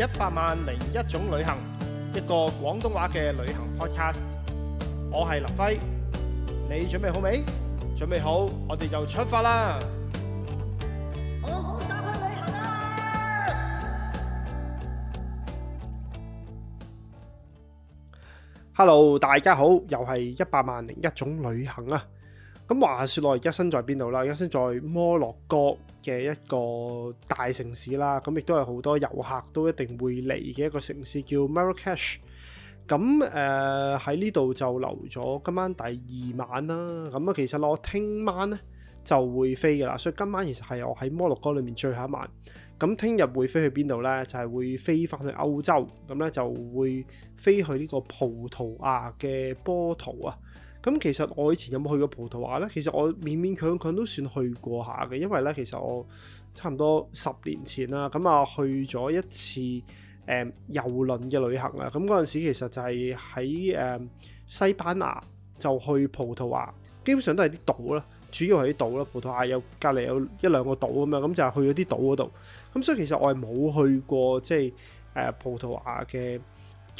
一百萬零一種旅行，一個廣東話嘅旅行 podcast。我係林輝，你準備好未？準備好，我哋就出發啦！我好想去旅行啊！Hello，大家好，又係一百萬零一種旅行啊！咁話説落，而家身在邊度啦？而家身在摩洛哥。嘅一個大城市啦，咁亦都係好多遊客都一定會嚟嘅一個城市叫 Marrakech。咁誒喺呢度就留咗今晚第二晚啦。咁啊，其實我聽晚咧就會飛嘅啦，所以今晚其實係我喺摩洛哥裏面最後一晚。咁聽日會飛去邊度呢？就係會飛翻去歐洲，咁咧就會飛去呢個葡萄牙嘅波圖啊。咁其實我以前有冇去過葡萄牙呢？其實我勉勉強強都算去過下嘅，因為呢，其實我差唔多十年前啦，咁、嗯、啊去咗一次誒遊、嗯、輪嘅旅行啊。咁嗰陣時其實就係喺誒西班牙就去葡萄牙，基本上都係啲島啦，主要係啲島啦。葡萄牙有隔離有一兩個島咁樣，咁、嗯、就係、去咗啲島嗰度。咁、嗯、所以其實我係冇去過即係誒、嗯、葡萄牙嘅。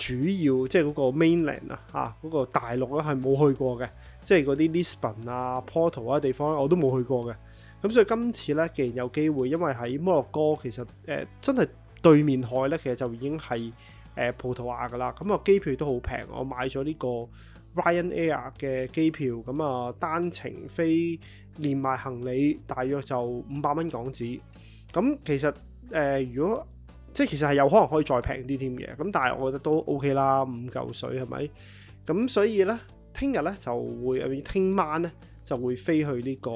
主要即係嗰個 mainland 啊，嚇、那、嗰個大陸咧係冇去過嘅，即係嗰啲 Lisbon 啊、Porto 波圖啊地方我都冇去過嘅。咁所以今次咧，既然有機會，因為喺摩洛哥其實誒、呃、真係對面海咧，其實就已經係誒、呃、葡萄牙噶啦。咁、嗯、啊，機票都好平，我買咗呢個 Ryanair 嘅機票，咁、嗯、啊單程飛連埋行李大約就五百蚊港紙。咁、嗯、其實誒、呃、如果即係其實係有可能可以再平啲添嘅，咁但係我覺得都 OK 啦，五嚿水係咪？咁所以咧，聽日咧就會，聽晚咧就會飛去呢個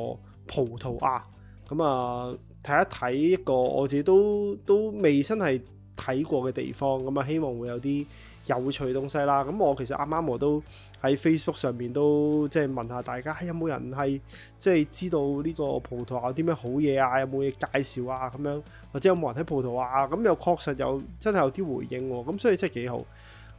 葡萄牙，咁啊睇一睇一個我自己都都未真係睇過嘅地方，咁、嗯、啊希望會有啲有趣東西啦，咁我其實啱啱我都喺 Facebook 上面都即係問下大家有有，有冇人係即係知道呢個葡萄牙有啲咩好嘢啊？有冇嘢介紹啊？咁樣或者有冇人喺葡萄牙、啊？咁又確實有，真係有啲回應喎、啊，咁所以真係幾好。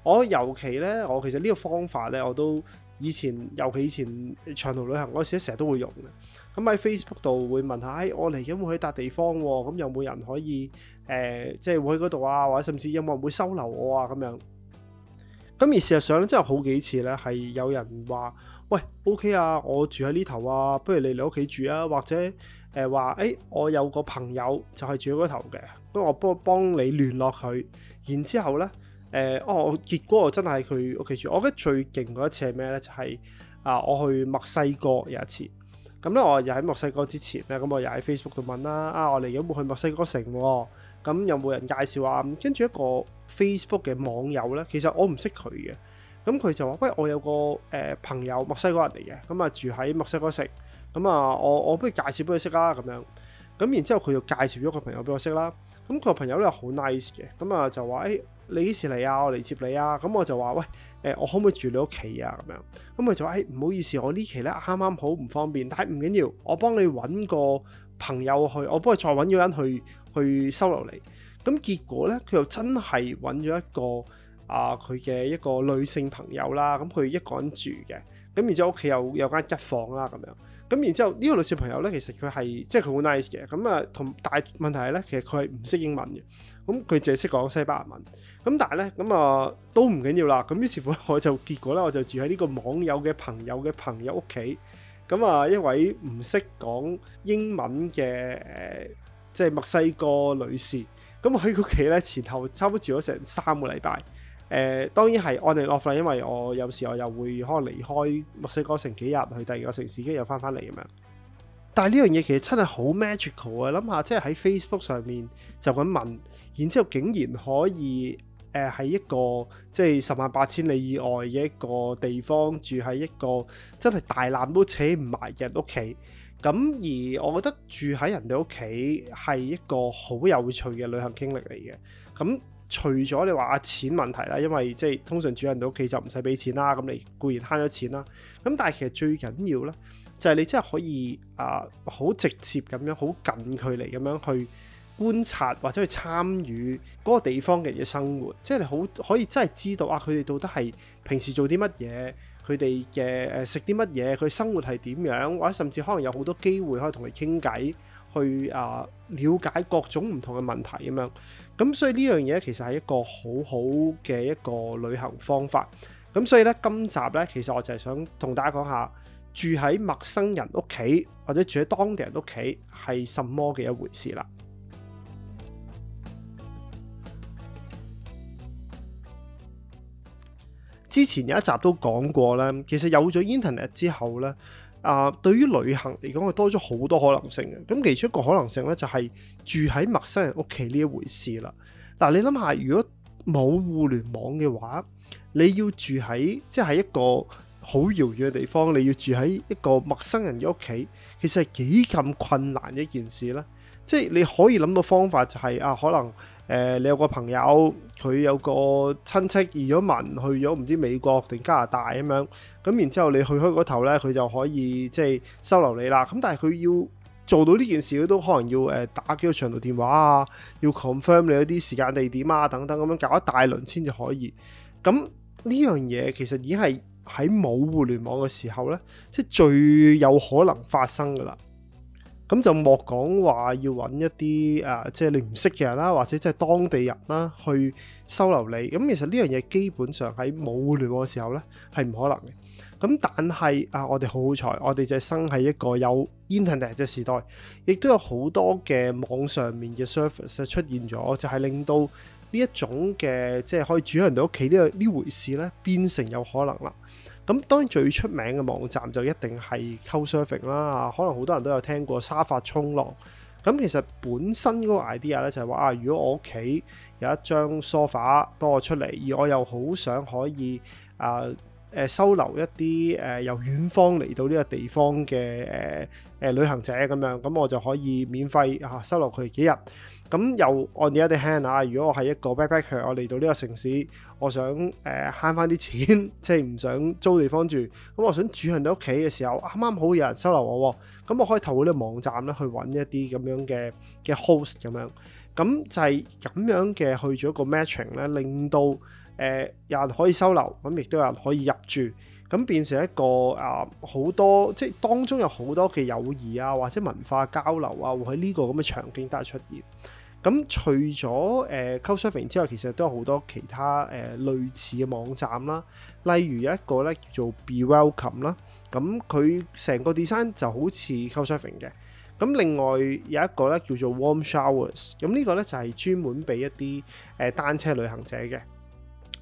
我尤其咧，我其實呢個方法咧，我都以前尤其以前長途旅行嗰時成日都會用嘅。咁喺 Facebook 度會問下，哎，我嚟緊會去笪地方喎、啊，咁有冇人可以誒、呃、即係去嗰度啊？或者甚至有冇人會收留我啊？咁樣。咁而事實上咧，真係好幾次咧，係有人話：喂，OK 啊，我住喺呢頭啊，不如嚟你屋企住啊，或者誒話，誒、呃欸、我有個朋友就係住喺嗰頭嘅，不如我幫幫你聯絡佢。然之後咧，誒、呃、哦，結果我真係喺佢屋企住。我覺得最勁嗰一次係咩咧？就係、是、啊，我去墨西哥有一次。咁咧，我又喺墨西哥之前咧，咁我又喺 Facebook 度問啦、啊，啊，我哋有冇去墨西哥城喎、哦？咁有冇人介紹啊？跟住一個 Facebook 嘅網友咧，其實我唔識佢嘅，咁佢就話：喂，我有個誒、呃、朋友，墨西哥人嚟嘅，咁、嗯、啊住喺墨西哥城，咁、嗯、啊、嗯、我我不如介紹俾佢識啦、啊，咁樣。咁、嗯、然之後佢就介紹咗個朋友俾我識啦，咁、嗯、個朋友咧好 nice 嘅，咁、嗯、啊、嗯嗯、就話誒。欸你幾時嚟啊？我嚟接你啊！咁我就話：喂，誒，我可唔可以住你屋企啊？咁樣，咁佢就話：誒、哎，唔好意思，我呢期咧啱啱好唔方便，但係唔緊要，我幫你揾個朋友去，我幫你再揾個人去去收留你。咁結果呢，佢又真係揾咗一個啊，佢嘅一個女性朋友啦，咁佢一個人住嘅。咁然之後屋企又有間一,一房啦，咁樣。咁然之後呢個女士朋友咧，其實佢係即係佢好 nice 嘅。咁啊，同大問題係咧，其實佢係唔識英文嘅。咁佢淨係識講西班牙文。咁但係咧，咁啊都唔緊要啦。咁於是乎我就結果咧，我就住喺呢個網友嘅朋友嘅朋友屋企。咁啊，一位唔識講英文嘅，即係墨西哥女士。咁我喺屋企咧前後差唔多住咗成三個禮拜。誒、呃、當然係 on and off 啦，因為我有時我又會可能離開墨西哥城幾日去第二個城市，跟住又翻返嚟咁樣。但係呢樣嘢其實真係好 magical 啊！諗下即係喺 Facebook 上面就咁問，然之後竟然可以誒喺、呃、一個即係十萬八千里以外嘅一個地方住喺一個真係大難都扯唔埋嘅屋企。咁而我覺得住喺人哋屋企係一個好有趣嘅旅行經歷嚟嘅。咁除咗你話啊錢問題啦，因為即係通常住人哋屋企就唔使俾錢啦，咁你固然慳咗錢啦。咁但係其實最緊要咧，就係你真係可以啊，好、呃、直接咁樣，好近距離咁樣去觀察或者去參與嗰個地方嘅人嘅生活，即係你好可以真係知道啊佢哋到底係平時做啲乜嘢，佢哋嘅誒食啲乜嘢，佢生活係點樣，或者甚至可能有好多機會可以同佢傾偈，去啊了解各種唔同嘅問題咁樣。咁所以呢樣嘢其實係一個好好嘅一個旅行方法。咁所以呢，今集呢，其實我就係想同大家講下住喺陌生人屋企或者住喺當地人屋企係什麼嘅一回事啦。之前有一集都講過啦，其實有咗 Internet 之後呢。啊、呃，對於旅行嚟講，係多咗好多可能性嘅。咁其中一個可能性咧，就係住喺陌生人屋企呢一回事啦。嗱、呃，你諗下，如果冇互聯網嘅話，你要住喺即係一個好遙遠嘅地方，你要住喺一個陌生人嘅屋企，其實係幾咁困難一件事呢。即係你可以諗到方法、就是，就係啊，可能。誒、呃，你有個朋友，佢有個親戚移咗民去咗唔知美國定加拿大咁樣，咁然之後你去開嗰頭咧，佢就可以即係收留你啦。咁但係佢要做到呢件事，佢都可能要誒、呃、打幾個長途電話啊，要 confirm 你一啲時間地點啊等等，咁樣搞一大輪先至可以。咁呢樣嘢其實已經係喺冇互聯網嘅時候呢，即係最有可能發生㗎啦。咁就莫講話要揾一啲誒，即、啊、係、就是、你唔識嘅人啦，或者即係當地人啦，去收留你。咁、嗯、其實呢樣嘢基本上喺冇互聯網嘅時候呢係唔可能嘅。咁、嗯、但係啊，我哋好好彩，我哋就生喺一個有 internet 嘅時代，亦都有好多嘅網上面嘅 service 出現咗，就係、是、令到呢一種嘅即係可以住人哋屋企呢個呢回事呢，變成有可能啦。咁當然最出名嘅網站就一定係 CouchSurfing 啦，可能好多人都有聽過沙發衝浪。咁其實本身嗰個 idea 咧就係話啊，如果我屋企有一張梳化多我出嚟，而我又好想可以啊。呃誒收留一啲誒由遠方嚟到呢個地方嘅誒誒旅行者咁樣，咁我就可以免費啊收留佢哋幾日。咁又 underhand 啊，如果我係一個 backpacker，我嚟到呢個城市，我想誒慳翻啲錢，即係唔想租地方住，咁我想住人哋屋企嘅時候，啱啱好有人收留我，咁我可以投呢啲網站咧去揾一啲咁樣嘅嘅 host 咁樣，咁就係咁樣嘅去咗一個 matching 咧，令到。誒、呃、有人可以收留，咁、呃、亦都有人可以入住，咁、呃、變成一個啊好、呃、多即係當中有好多嘅友誼啊，或者文化交流啊，會喺呢個咁嘅場景底下出現。咁、呃、除咗誒 Couchsurfing 之外，其實都有好多其他誒、呃、類似嘅網站啦，例如有一個咧叫做 Be Welcome 啦，咁佢成個 design 就好似 Couchsurfing 嘅。咁、呃、另外有一個咧叫做 Warm Showers，咁、呃這個、呢個咧就係、是、專門俾一啲誒、呃、單車旅行者嘅。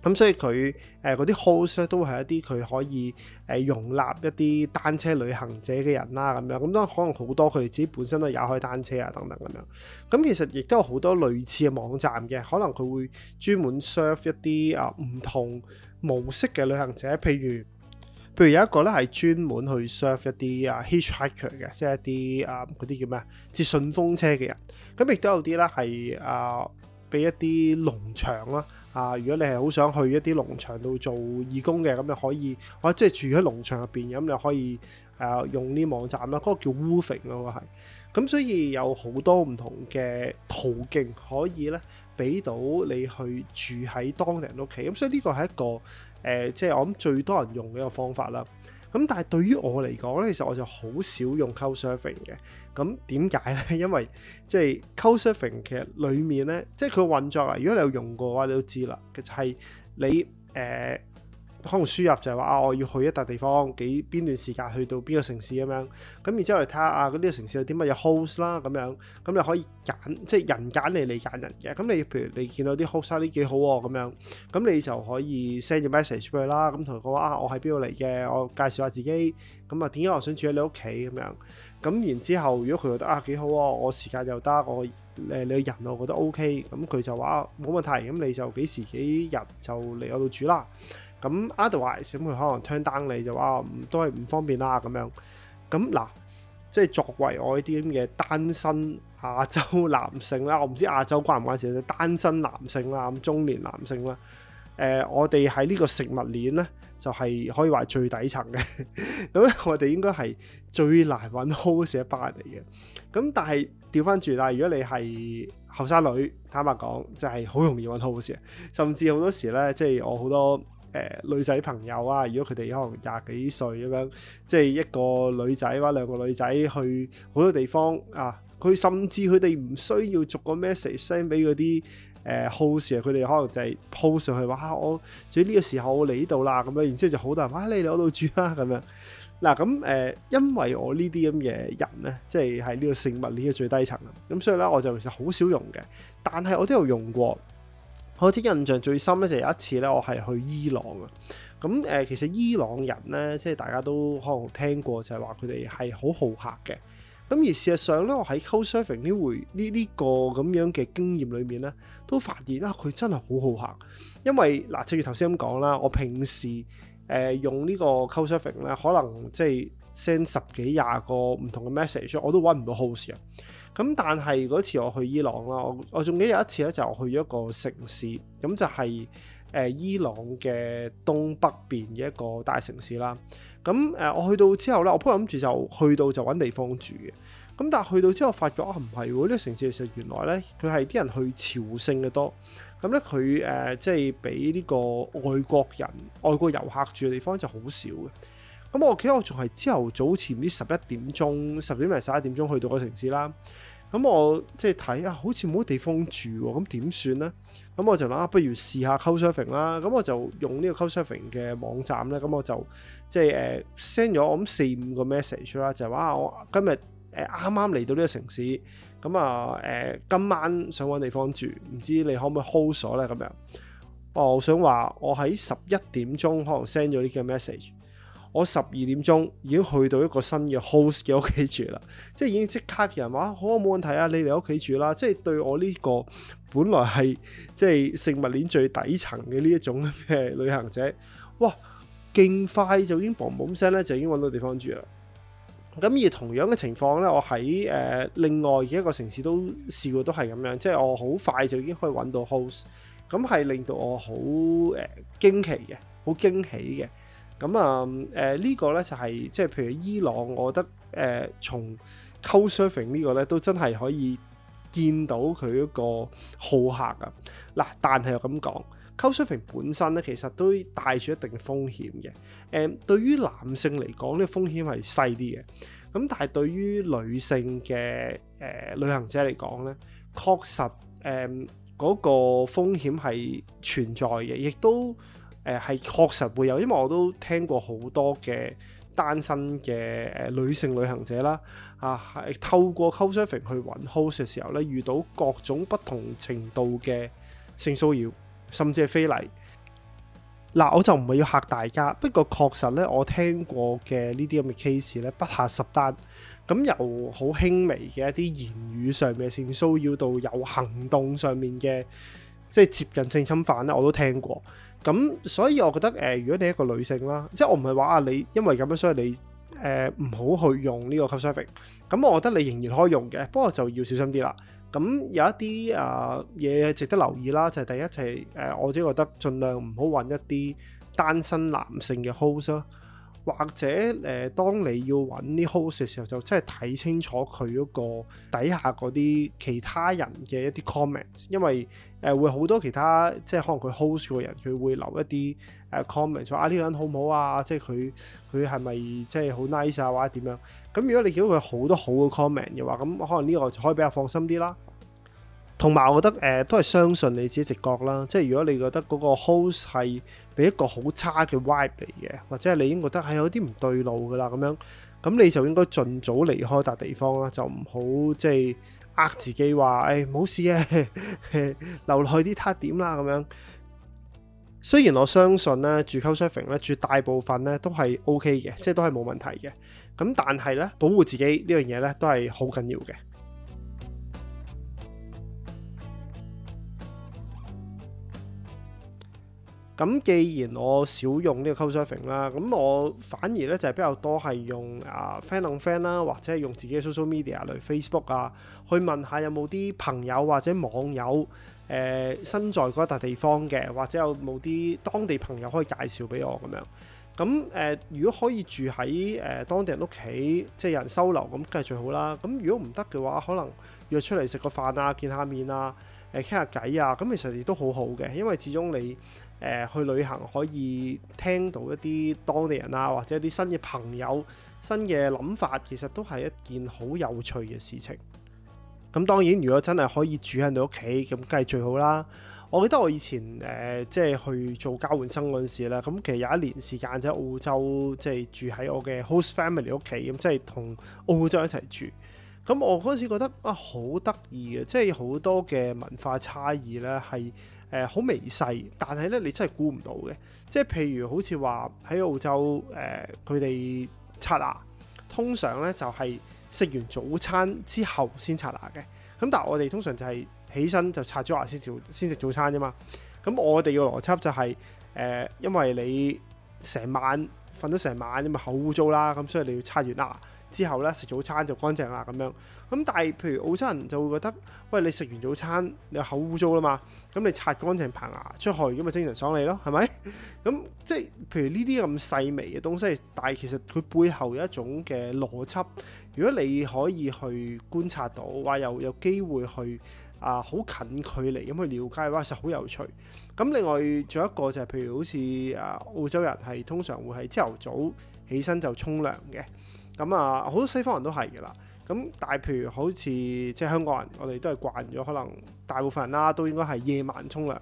咁所以佢誒嗰啲 host 咧都係一啲佢可以誒、呃、容納一啲單車旅行者嘅人啦、啊，咁樣咁都可能好多佢哋自己本身都有開單車啊等等，咁樣咁其實亦都有好多類似嘅網站嘅，可能佢會專門 serve 一啲啊唔同模式嘅旅行者，譬如譬如有一個咧係專門去 serve 一啲啊 hitchhiker 嘅，即係一啲啊嗰啲叫咩啊，接順風車嘅人。咁亦都有啲咧係啊俾一啲農場啦。啊！如果你係好想去一啲農場度做義工嘅，咁你可以，或、啊、者即係住喺農場入邊，咁你可以誒、啊、用呢網站啦，嗰、那個叫 Woofing 咯，係，咁所以有好多唔同嘅途徑可以咧，俾到你去住喺當地人屋企，咁所以呢個係一個誒、呃，即係我諗最多人用嘅一個方法啦。咁但係對於我嚟講咧，其實我就好少用 CouchSurfing 嘅。咁點解咧？因為即係 CouchSurfing 其實裡面咧，即係佢個運作啊。如果你有用過嘅話，你都知啦。其實係你誒。呃可能輸入就係話啊，我要去一笪地方，幾邊段時間去到邊個城市咁樣，咁然之後嚟睇下啊，嗰啲城市有啲乜嘢 host 啦咁樣，咁你可以揀，即係人揀你，你揀人嘅。咁你譬如你見到啲 host 啲幾好喎咁樣，咁你就可以 send 個 message 俾佢啦。咁同佢講啊，我喺邊度嚟嘅，我介紹下自己。咁啊，點解我想住喺你屋企咁樣。咁然之後，如果佢覺得啊幾好喎，我時間又得，我誒你嘅人我覺得 OK，咁佢就話冇問題。咁你就幾時幾日就嚟我度住啦。咁 otherwise 咁佢可能 turn down 你，就啊、哦，都係唔方便啦咁樣。咁嗱，即係作為我呢啲咁嘅單身亞洲男性啦，我唔知亞洲關唔關事，單身男性啦，咁中年男性啦，誒、呃，我哋喺呢個食物鏈咧，就係、是、可以話最底層嘅。咁 我哋應該係最難揾 host 嘅一班嚟嘅。咁但係調翻轉啦，如果你係後生女，坦白講，即係好容易揾 host 事啊，甚至好多時咧，即係我好多。誒、呃、女仔朋友啊，如果佢哋可能廿幾歲咁樣，即係一個女仔或者兩個女仔去好多地方啊，佢甚至佢哋唔需要逐個 message send 俾嗰啲誒 host 啊，佢、呃、哋可能就係 post 上去話嚇我，至於呢個時候我嚟呢度啦咁樣，然之後就好多人，哇、啊、你嚟我度住啦咁樣。嗱咁誒，因為我呢啲咁嘅人咧，即係喺呢個性物鏈嘅最低層，咁所以咧我就其實好少用嘅，但係我都有用過。我嘅印象最深咧就有一次咧，我係去伊朗啊。咁誒、呃，其實伊朗人咧，即係大家都可能聽過，就係話佢哋係好好客嘅。咁而事實上咧，我喺 CouchSurfing 呢回呢呢、呢個咁樣嘅經驗裏面咧，都發現啦，佢、啊、真係好好客。因為嗱、呃，正如頭先咁講啦，我平時誒、呃、用個呢個 CouchSurfing 咧，可能即係，send 十幾廿個唔同嘅 message，我都揾唔到 host 嘅。咁但係嗰次我去伊朗啦，我我仲記得有一次咧，就去咗一個城市，咁就係誒伊朗嘅東北邊嘅一個大城市啦。咁誒我去到之後咧，我本來諗住就去到就揾地方住嘅。咁但係去到之後發覺啊，唔係喎，呢個城市其實原來咧佢係啲人去朝聖嘅多。咁咧佢誒即係俾呢個外國人、外國遊客住嘅地方就好少嘅。咁我記得我仲係朝頭早前唔知十一點鐘，十點零十一點鐘去到個城市啦。咁我即係睇啊，好似冇地方住喎，咁點算咧？咁我就諗下、啊，不如試下 Couchsurfing 啦。咁我就用呢個 Couchsurfing 嘅網站咧，咁我就即係誒 send 咗我諗四五個 message 啦，就係、是、話我今日誒啱啱嚟到呢個城市，咁啊誒今晚想揾地方住，唔知你可唔可以 host 咗咧？咁樣我我想話我喺十一點鐘可能 send 咗呢個 message。我十二點鐘已經去到一個新嘅 host 嘅屋企住啦，即係已經即刻有人話，好啊，冇問題啊，你嚟屋企住啦。即係對我呢個本來係即係食物鏈最底層嘅呢一種嘅旅行者，哇！勁快就已經嘣嘣聲咧，就已經揾到地方住啦。咁而同樣嘅情況呢，我喺誒、呃、另外嘅一個城市都試過，都係咁樣，即係我好快就已經可以揾到 host，咁係令到我好誒、呃、驚奇嘅，好驚喜嘅。咁啊，誒呢、嗯呃這個咧就係、是、即係譬如伊朗，我覺得誒從、呃、couchsurfing 呢個咧都真係可以見到佢一個好客啊！嗱，但係又咁講 couchsurfing 本身咧其實都帶住一定風險嘅。誒、呃，對於男性嚟講，呢、這個、風險係細啲嘅。咁但係對於女性嘅誒、呃、旅行者嚟講咧，確實誒嗰、呃那個風險係存在嘅，亦都。誒係、呃、確實會有，因為我都聽過好多嘅單身嘅女性旅行者啦，啊、呃、係、呃、透過 CouchSurfing 去揾 host 嘅時候咧，遇到各種不同程度嘅性騷擾，甚至係非禮。嗱、呃，我就唔係要嚇大家，不過確實咧，我聽過嘅呢啲咁嘅 case 咧不下十單，咁、呃、由好輕微嘅一啲言語上面嘅性騷擾到有行動上面嘅。即係接近性侵犯啦，我都聽過。咁所以我覺得誒、呃，如果你一個女性啦，即係我唔係話啊，你因為咁樣所以你誒唔好去用呢個 cup s，咁我覺得你仍然可以用嘅，不過就要小心啲啦。咁有一啲啊嘢值得留意啦，就係、是、第一就係、是、誒、呃，我己覺得盡量唔好揾一啲單身男性嘅 host 咯。或者誒、呃，當你要揾啲 host 嘅時候，就真係睇清楚佢嗰個底下嗰啲其他人嘅一啲 comments，因為誒、呃、會好多其他即係可能佢 host 嘅人，佢會留一啲誒 comments 話呢、啊呢個人好唔好啊？即係佢佢係咪即係好 nice 啊？或者點樣？咁如果你見到佢好多好嘅 comment 嘅話，咁可能呢個就可以比較放心啲啦。同埋，我覺得誒、呃、都係相信你自己直覺啦。即係如果你覺得嗰個 host 係俾一個好差嘅 vibe 嚟嘅，或者係你已經覺得係、哎、有啲唔對路噶啦咁樣，咁你就應該盡早離開笪地方、哎、 啦，就唔好即係呃自己話誒冇事嘅，留落去啲他點啦咁樣。雖然我相信咧 couchsurfing 咧，絕大部分咧都係 OK 嘅，即係都係冇問題嘅。咁但係咧保護自己呢樣嘢咧都係好緊要嘅。咁既然我少用呢個 couchsurfing 啦，咁我反而咧就係比較多係用啊 friend on friend 啦，或者係用自己嘅 social media 類 Facebook 啊，book，去問下有冇啲朋友或者網友誒、呃、身在嗰笪地方嘅，或者有冇啲當地朋友可以介紹俾我咁樣。咁誒、呃，如果可以住喺誒、呃、當地人屋企，即係有人收留，咁梗係最好啦。咁如果唔得嘅話，可能約出嚟食個飯啊，見下面啊，誒傾下偈啊，咁其實亦都好好嘅，因為始終你。誒、呃、去旅行可以聽到一啲當地人啊，或者一啲新嘅朋友、新嘅諗法，其實都係一件好有趣嘅事情。咁當然，如果真係可以住喺你屋企，咁梗係最好啦。我記得我以前誒、呃、即係去做交換生嗰陣時啦，咁其實有一年時間就喺澳洲，即係住喺我嘅 host family 屋企，咁即係同澳洲一齊住。咁我嗰陣時覺得啊好得意嘅，即係好多嘅文化差異咧，係誒好微細，但係咧你真係估唔到嘅。即係譬如好似話喺澳洲誒，佢哋刷牙通常咧就係食完早餐之後先刷牙嘅。咁但係我哋通常就係起身就刷咗牙先食先食早餐啫嘛。咁我哋嘅邏輯就係誒，因為你成晚瞓咗成晚，咁咪好污糟啦，咁所以你要刷完牙。之後咧食早餐就乾淨啦咁樣，咁但係譬如澳洲人就會覺得，喂你食完早餐你口污糟啦嘛，咁你擦乾淨棚牙，出去，咁咪精神爽利咯，係咪？咁、 嗯、即係譬如呢啲咁細微嘅東西，但係其實佢背後有一種嘅邏輯，如果你可以去觀察到，或又有機會去啊好、呃、近距離咁去了解嘅話，實好有趣。咁、嗯、另外仲有一個就係、是、譬如好似啊澳洲人係通常會係朝頭早起身就沖涼嘅。咁啊，好、嗯、多西方人都係噶啦。咁但係譬如好似即係香港人，我哋都係慣咗，可能大部分人啦都應該係夜晚沖涼嘅。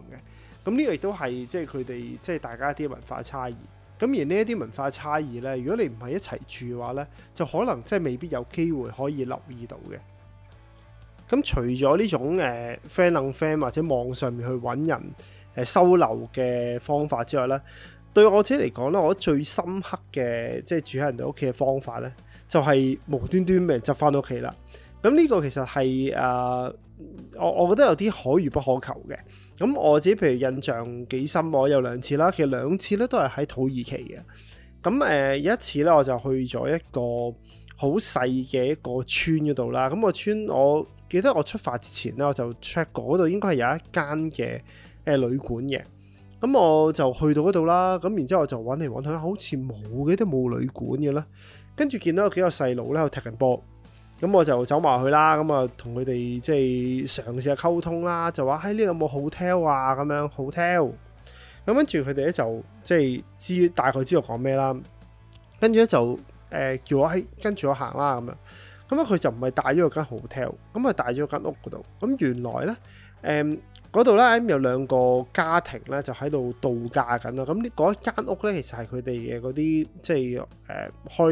咁呢個亦都係即係佢哋即係大家一啲文化差異。咁而呢一啲文化差異咧，如果你唔係一齊住嘅話咧，就可能即係未必有機會可以留意到嘅。咁除咗呢種誒、呃、friend on friend 或者網上面去揾人誒、呃、收留嘅方法之外咧。對我自己嚟講咧，我最深刻嘅即係住喺人哋屋企嘅方法咧，就係、是、無端端俾人執翻屋企啦。咁呢個其實係啊、呃，我我覺得有啲可遇不可求嘅。咁我自己譬如印象幾深，我有兩次啦，其實兩次咧都係喺土耳其嘅。咁誒有一次咧，我就去咗一個好細嘅一個村嗰度啦。咁個村我記得我出發之前咧，我就 check 嗰度應該係有一間嘅誒、呃、旅館嘅。咁、嗯、我就去到嗰度啦，咁然之後我就揾嚟揾去，好似冇嘅，都冇旅館嘅啦。跟住見到有幾個細路咧，有踢緊波。咁我就走埋去啦，咁啊同佢哋即係嘗試下溝通啦，就話：，嘿，呢度有冇 hotel 啊？咁樣 hotel。咁跟住佢哋咧就即係知大概知道講咩啦。跟住咧就誒叫我喺跟住我行啦咁樣。咁啊佢就唔係帶咗個間 hotel，咁啊帶咗間屋嗰度。咁原來咧誒。嗯嗰度咧有兩個家庭咧就喺度度假緊咯。咁嗰一間屋咧其實係佢哋嘅嗰啲即係誒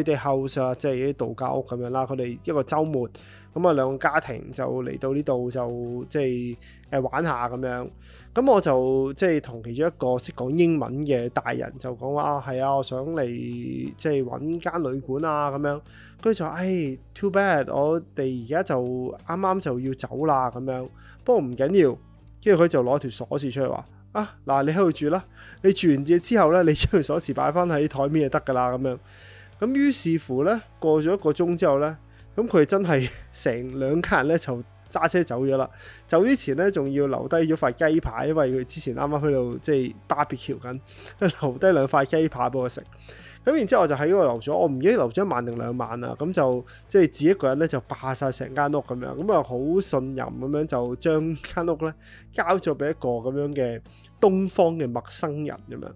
開 house 啊，即係啲、呃、度假屋咁樣啦。佢哋一個週末，咁啊兩個家庭就嚟到呢度就即係誒、呃、玩下咁樣。咁我就即係同其中一個識講英文嘅大人就講話啊係啊，我想嚟即係揾間旅館啊咁樣。跟住就話唉 too bad，我哋而家就啱啱就要走啦咁樣。不過唔緊要。跟住佢就攞條鎖匙出嚟話：啊，嗱，你喺度住啦，你住完嘢之後咧，你將條鎖匙擺翻喺台面就得㗎啦。咁樣，咁於是乎咧，過咗一個鐘之後咧，咁佢真係成兩家人咧就，揸車走咗啦，走之前咧仲要留低咗塊雞排，因為佢之前啱啱去到即係 BBQ 緊，留低兩塊雞排俾我食。咁然之後我就喺嗰度留咗，我唔記得留咗一晚定兩晚啦、啊。咁就即係自己一個人咧就霸晒成間屋咁樣，咁啊好信任咁樣就將間屋咧交咗俾一個咁樣嘅東方嘅陌生人咁樣。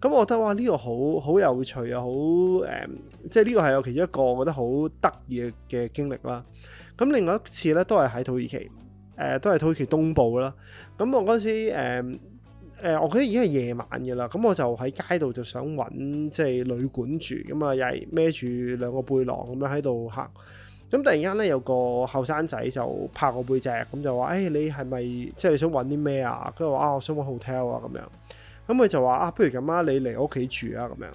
咁我覺得哇，呢、呢個好好有趣啊，好誒、嗯，即係呢個係我其中一個我覺得好得意嘅經歷啦。咁另外一次咧，都係喺土耳其，誒、呃、都係土耳其東部啦。咁我嗰陣時，誒、呃呃、我覺得已經係夜晚嘅啦。咁我就喺街度就想揾即係旅館住，咁啊又係孭住兩個背囊咁樣喺度行。咁突然間咧，有個後生仔就拍我背脊，咁就話：，誒、欸、你係咪即係你想揾啲咩啊？跟住話：，啊我想揾 hotel 啊咁樣。咁、嗯、佢就話：，啊不如咁啊，你嚟我屋企住啊咁樣。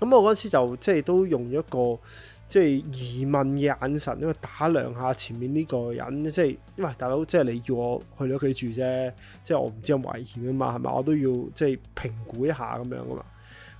咁我嗰陣時就即係都用咗一個。即係疑問嘅眼神，因為打量下前面呢個人，即係喂大佬，即係你叫我去你屋企住啫，即係我唔知有冇危險啊嘛，係咪？我都要即係評估一下咁樣啊嘛。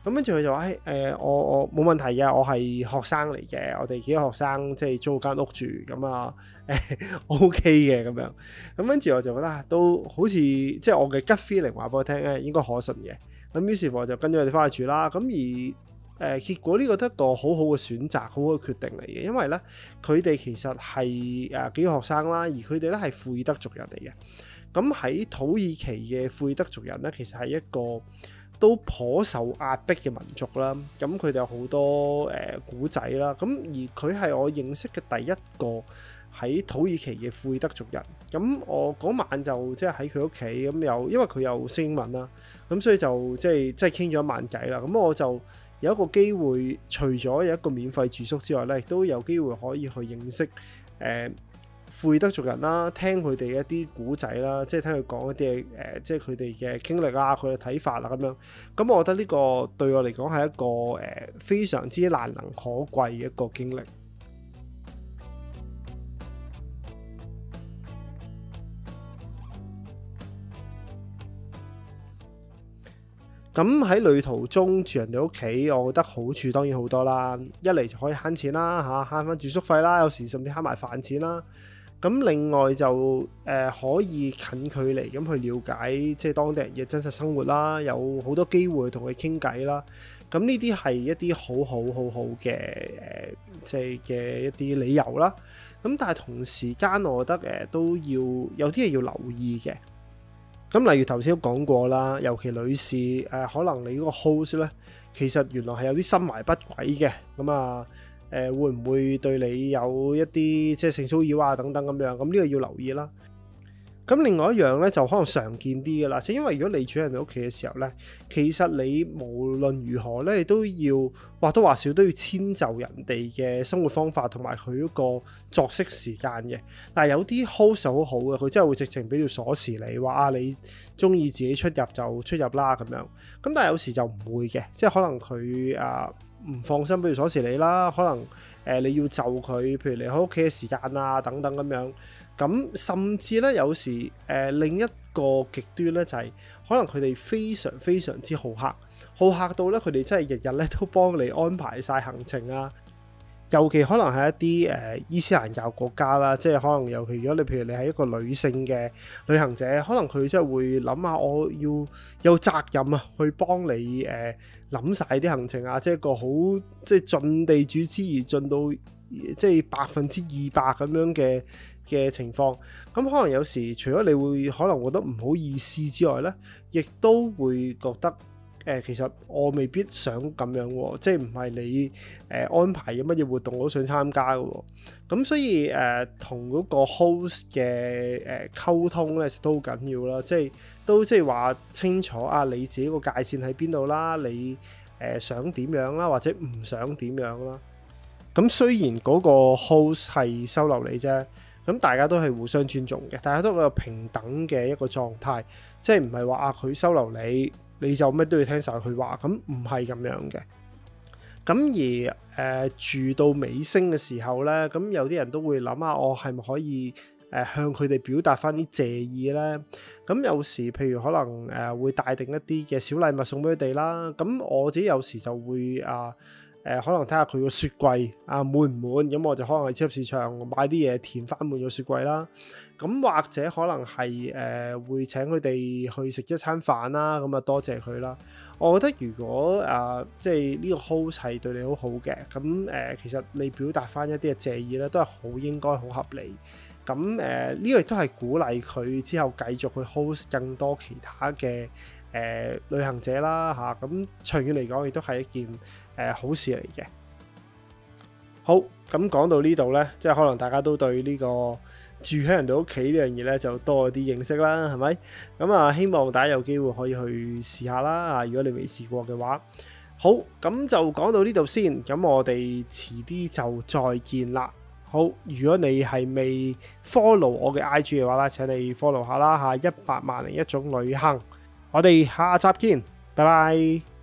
咁跟住佢就話：誒、呃，我我冇問題嘅，我係學生嚟嘅，我哋幾個學生即係租間屋住咁啊，誒 OK 嘅咁樣。咁跟住我就覺得、啊、都好似即係我嘅 gut feeling 話俾我聽咧，應該可信嘅。咁於是乎我就跟咗佢哋翻去住啦。咁而誒、呃、結果呢個都係一個好好嘅選擇，好好嘅決定嚟嘅，因為咧佢哋其實係誒、呃、幾個學生啦，而佢哋咧係庫爾德族人嚟嘅。咁、嗯、喺土耳其嘅庫爾德族人咧，其實係一個都頗受壓迫嘅民族啦。咁佢哋有好多誒古仔啦。咁、嗯、而佢係我認識嘅第一個喺土耳其嘅庫爾德族人。咁、嗯、我嗰晚就即係喺佢屋企，咁、嗯、又因為佢有識英文啦，咁、嗯、所以就即係即係傾咗一晚偈啦。咁、嗯、我就。有一個機會，除咗有一個免費住宿之外咧，都有機會可以去認識誒富德族人啦，聽佢哋一啲古仔啦，即係聽佢講一啲誒、呃，即係佢哋嘅經歷啊，佢嘅睇法啦、啊、咁樣。咁、嗯、我覺得呢個對我嚟講係一個誒、呃、非常之難能可貴嘅一個經歷。咁喺旅途中住人哋屋企，我覺得好處當然好多啦。一嚟就可以慳錢啦，吓慳返住宿費啦，有時甚至慳埋飯錢啦。咁另外就誒、呃、可以近距離咁去了解即係當地人嘅真實生活啦，有好多機會同佢傾偈啦。咁呢啲係一啲好好好好嘅誒、呃，即係嘅一啲理由啦。咁但係同時間，我覺得誒、呃、都要有啲嘢要留意嘅。咁例如頭先都講過啦，尤其女士誒、呃，可能你個 host 咧，其實原來係有啲心懷不軌嘅，咁啊誒，會唔會對你有一啲即係性騷擾啊等等咁樣？咁、嗯、呢、呢個要留意啦。咁另外一樣咧，就可能常見啲嘅啦，即因為如果你住喺人哋屋企嘅時候咧，其實你無論如何咧，你都要或多或少都要遷就人哋嘅生活方法同埋佢嗰個作息時間嘅。但係有啲 host 好好嘅，佢真係會直情俾條鎖匙你，話啊你中意自己出入就出入啦咁樣。咁但係有時就唔會嘅，即係可能佢啊唔放心俾條鎖匙你啦，可能。誒、呃、你要就佢，譬如離開屋企嘅時間啊，等等咁樣。咁甚至咧，有時誒、呃、另一個極端咧，就係、是、可能佢哋非常非常之好客，好客到咧佢哋真係日日咧都幫你安排晒行程啊。尤其可能係一啲誒伊斯蘭教國家啦，即係可能尤其如果你譬如你係一個女性嘅旅行者，可能佢即係會諗下我要有責任啊，去幫你誒諗晒啲行程啊，即係一個好即係盡地主之誼盡到即係百分之二百咁樣嘅嘅情況。咁可能有時除咗你會可能覺得唔好意思之外呢，亦都會覺得。誒其實我未必想咁樣喎、喔，即係唔係你誒、呃、安排嘅乜嘢活動我都想參加嘅喎、喔。咁所以誒同嗰個 host 嘅誒溝通咧都好緊要啦，即係都即係話清楚啊你自己個界線喺邊度啦，你誒、呃、想點樣啦，或者唔想點樣啦。咁雖然嗰個 host 係收留你啫，咁大家都係互相尊重嘅，大家都係平等嘅一個狀態，即係唔係話啊佢收留你。你就咩都要聽晒佢話，咁唔係咁樣嘅。咁而誒住到尾聲嘅時候咧，咁有啲人都會諗下，我係咪可以誒向佢哋表達翻啲謝意咧？咁有時譬如可能誒會帶定一啲嘅小禮物送俾佢哋啦。咁我自己有時就會啊誒，可能睇下佢個雪櫃啊滿唔滿，咁我就可能喺超級市場買啲嘢填翻滿咗雪櫃啦。咁或者可能係誒、呃、會請佢哋去食一餐飯啦，咁啊多謝佢啦。我覺得如果誒、呃、即係呢個 host 係對你好好嘅，咁誒、呃、其實你表達返一啲嘅謝意咧，都係好應該、好合理。咁誒呢個亦都係鼓勵佢之後繼續去 host 更多其他嘅誒、呃、旅行者啦嚇。咁、啊、長遠嚟講，亦都係一件誒、呃、好事嚟嘅。好，咁講到呢度呢，即係可能大家都對呢個住喺人哋屋企呢樣嘢呢，就多咗啲認識啦，係咪？咁啊，希望大家有機會可以去試下啦，如果你未試過嘅話，好，咁就講到呢度先，咁我哋遲啲就再見啦。好，如果你係未 follow 我嘅 IG 嘅話啦，請你 follow 下啦嚇，一百萬零一種旅行，我哋下集見，拜拜。